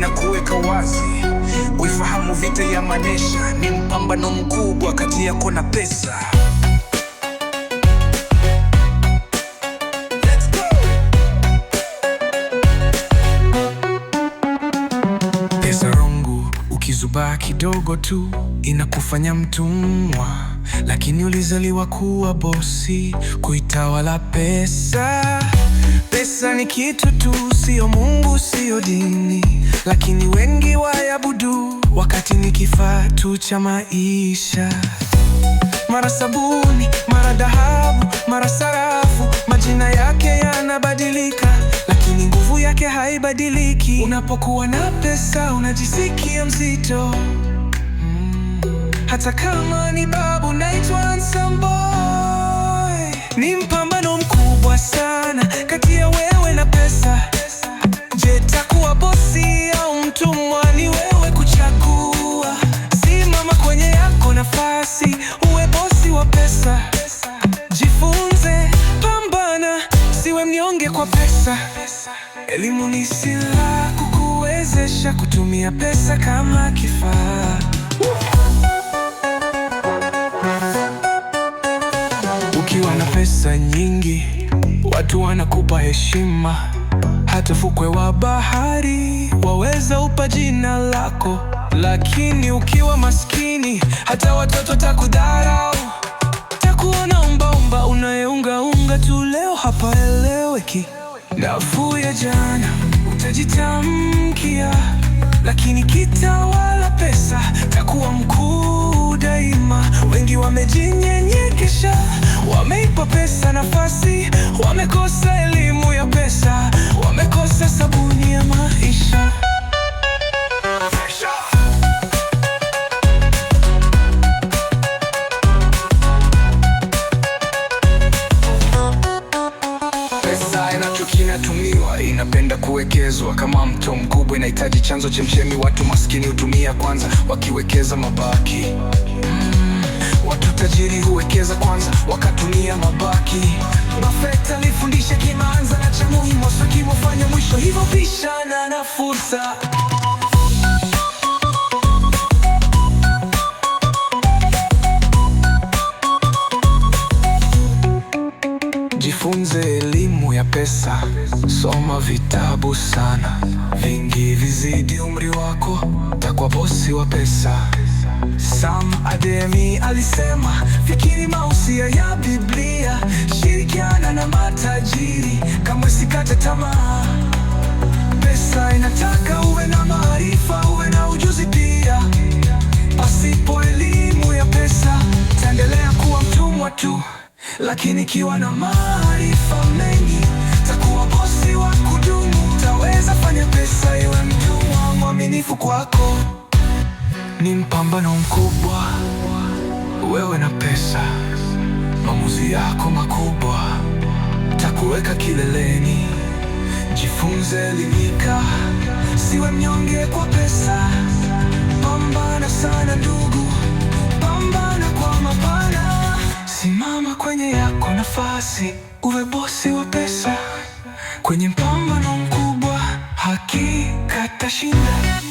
na kuweka wazi, uifahamu vita ya manesha ni mpambano mkubwa kati yako na pesa. Pesa rungu, ukizubaa kidogo tu inakufanya mtumwa, lakini ulizaliwa kuwa bosi, kuitawala pesa. Pesa ni kitu tu, sio Mungu, sio dini, lakini wengi wayabudu wakati ni kifaa tu cha maisha. Mara sabuni, mara dhahabu, mara sarafu, majina yake yanabadilika, lakini nguvu yake haibadiliki. Unapokuwa na pesa unajisikia mzito, hmm. hata kama ni babu. Naitwa Handsome Boy, ni kwa pesa. Elimu ni silaha kukuwezesha kutumia pesa kama kifaa. Ukiwa na pesa nyingi, watu wanakupa heshima. Hata fukwe wa bahari waweza upa jina lako, lakini ukiwa maskini, hata watoto takudharau, takuona ombaomba unaye Kufunga tu leo eleweki. Dafu ya jana utajitamkia, lakini kitawala pesa, takuwa mkuu daima, wengi wamejinyenyekesha kuwekezwa kama mto mkubwa, inahitaji chanzo chemchemi. Watu maskini hutumia kwanza, wakiwekeza mabaki. Mm, watu tajiri huwekeza kwanza, wakatumia mabaki. Buffett alifundisha kimaanza na cha muhimu, mwisho, hivyo pishana na fursa Jifunze elimu ya pesa, soma vitabu sana, vingi vizidi umri wako, takwa bosi wa pesa. Sam Ademi alisema, fikiri mausia ya Biblia, shirikiana na matajiri, kamwe sikate tamaa. Pesa inataka uwe na maarifa, uwe na ujuzi pia. Pasipo elimu ya pesa, taendelea kuwa mtumwa tu lakini kiwa na maarifa mengi takuwa bosi wa kudumu, utaweza fanya pesa iwe mtumwa mwaminifu kwako. Ni mpambano mkubwa, wewe na pesa. Maamuzi yako makubwa takuweka kileleni. Jifunze, elimika, siwe mnyonge kwa pesa. Pambana sana ndugu. nafasi uwe bosi wa pesa kwenye mpambano mkubwa, hakika tashinda.